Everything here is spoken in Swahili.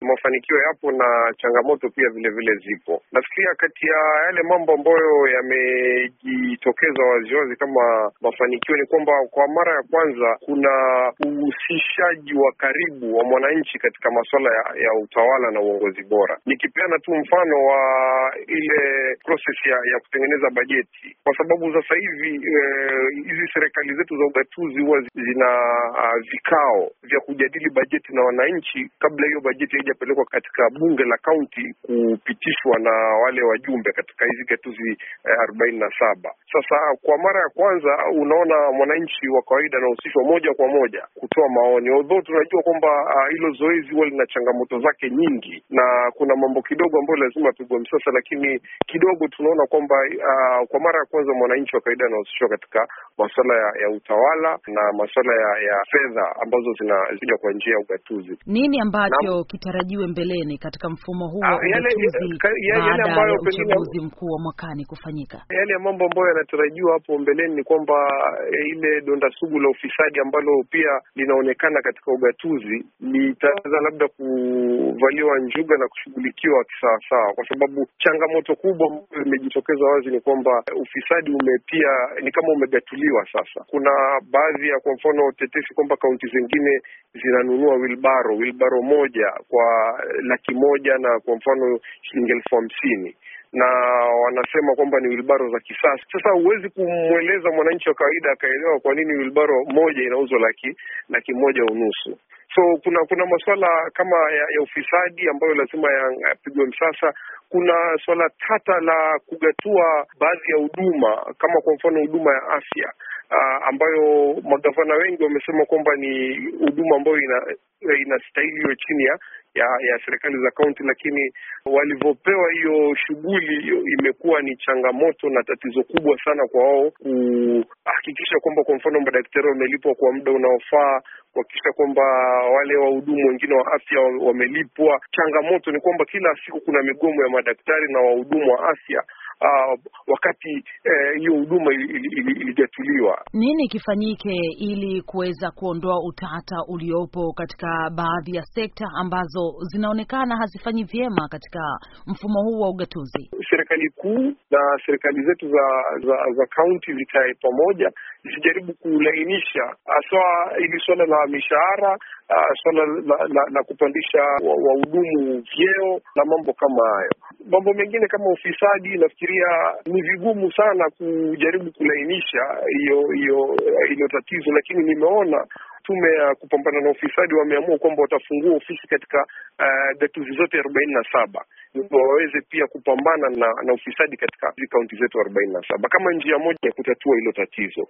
Mafanikio yapo na changamoto pia vile vile zipo. Nafikiria kati ya yale mambo ambayo yamejitokeza waziwazi kama mafanikio ni kwamba kwa mara ya kwanza kuna uhusisho uhamasishaji wa karibu wa mwananchi katika masuala ya, ya utawala na uongozi bora. Nikipeana tu mfano wa ile proses ya, ya kutengeneza bajeti, kwa sababu sasa hivi eh, hizi e, serikali zetu za ugatuzi huwa zina a, ah, vikao vya kujadili bajeti na wananchi kabla hiyo bajeti haijapelekwa katika bunge la kaunti kupitishwa na wale wajumbe katika hizi gatuzi eh, arobaini na saba. Sasa kwa mara ya kwanza unaona mwananchi wa kawaida anahusishwa moja kwa moja kutoa maoni kufanywa although tunajua kwamba ah, hilo uh, zoezi huwa lina changamoto zake nyingi na kuna mambo kidogo ambayo lazima apigwa msasa, lakini kidogo tunaona kwamba uh, kwa mara ya kwanza mwananchi wa kawaida anahusishwa katika masuala ya, ya utawala na masuala ya, ya fedha ambazo zinakuja kwa njia ya ugatuzi. Nini ambacho kitarajiwe mbeleni katika mfumo huu ah, wa uchaguzi mkuu wa mwakani kufanyika? Yale ya mambo ambayo yanatarajiwa hapo mbeleni ni kwamba eh, ile donda sugu la ufisadi ambalo pia linaonekana sana katika ugatuzi litaweza labda kuvaliwa njuga na kushughulikiwa kisawasawa, kwa sababu changamoto kubwa ambayo imejitokeza wazi ni kwamba ufisadi umepia ni kama umegatuliwa sasa. Kuna baadhi ya kwa mfano tetesi kwamba kaunti zingine zinanunua wilbaro wilbaro moja kwa laki moja na kwa mfano shilingi elfu hamsini na wanasema kwamba ni wilbaro za kisasa. Sasa huwezi kumweleza mwananchi wa kawaida akaelewa kwa nini wilbaro moja inauzwa laki laki moja unusu. So kuna kuna masuala kama ya, ya ufisadi ambayo lazima yapigwe msasa. Kuna suala tata la kugatua baadhi ya huduma kama kwa mfano huduma ya afya Uh, ambayo magavana wengi wamesema kwamba ni huduma ambayo ina- inastahili hiyo chini ya ya, ya serikali za kaunti, lakini walivyopewa hiyo shughuli hiyo imekuwa ni changamoto na tatizo kubwa sana kwa wao kuhakikisha kwamba kwa mfano madaktari wamelipwa kwa muda unaofaa kuhakikisha kwamba wale wahudumu wengine wa afya wamelipwa. Changamoto ni kwamba kila siku kuna migomo ya madaktari na wahudumu wa afya uh, wakati eh, hiyo uh, huduma ilijatuliwa. Nini kifanyike ili kuweza kuondoa utata uliopo katika baadhi ya sekta ambazo zinaonekana hazifanyi vyema katika mfumo huu wa ugatuzi? Serikali kuu na serikali zetu za za, za kaunti zikae pamoja zijaribu kulainisha haswa ili suala la mishahara ah, suala la, la, la kupandisha wahudumu vyeo na mambo kama hayo mambo mengine kama ufisadi, nafikiria ni vigumu sana kujaribu kulainisha hiyo hiyo hilo tatizo, lakini nimeona tume ya kupambana na ufisadi wameamua kwamba watafungua ofisi katika gatuzi eh, uh, zote arobaini na saba ndio waweze pia kupambana na, na ufisadi katika kaunti zetu arobaini na saba kama njia moja ya kutatua hilo tatizo.